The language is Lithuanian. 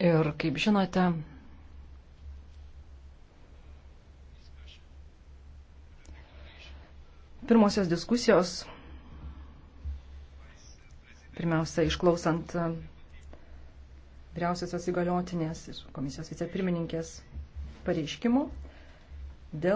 Ir kaip žinote, pirmosios diskusijos, pirmiausia, išklausant e, vyriausiosios įgaliotinės ir komisijos vicepirmininkės pareiškimų,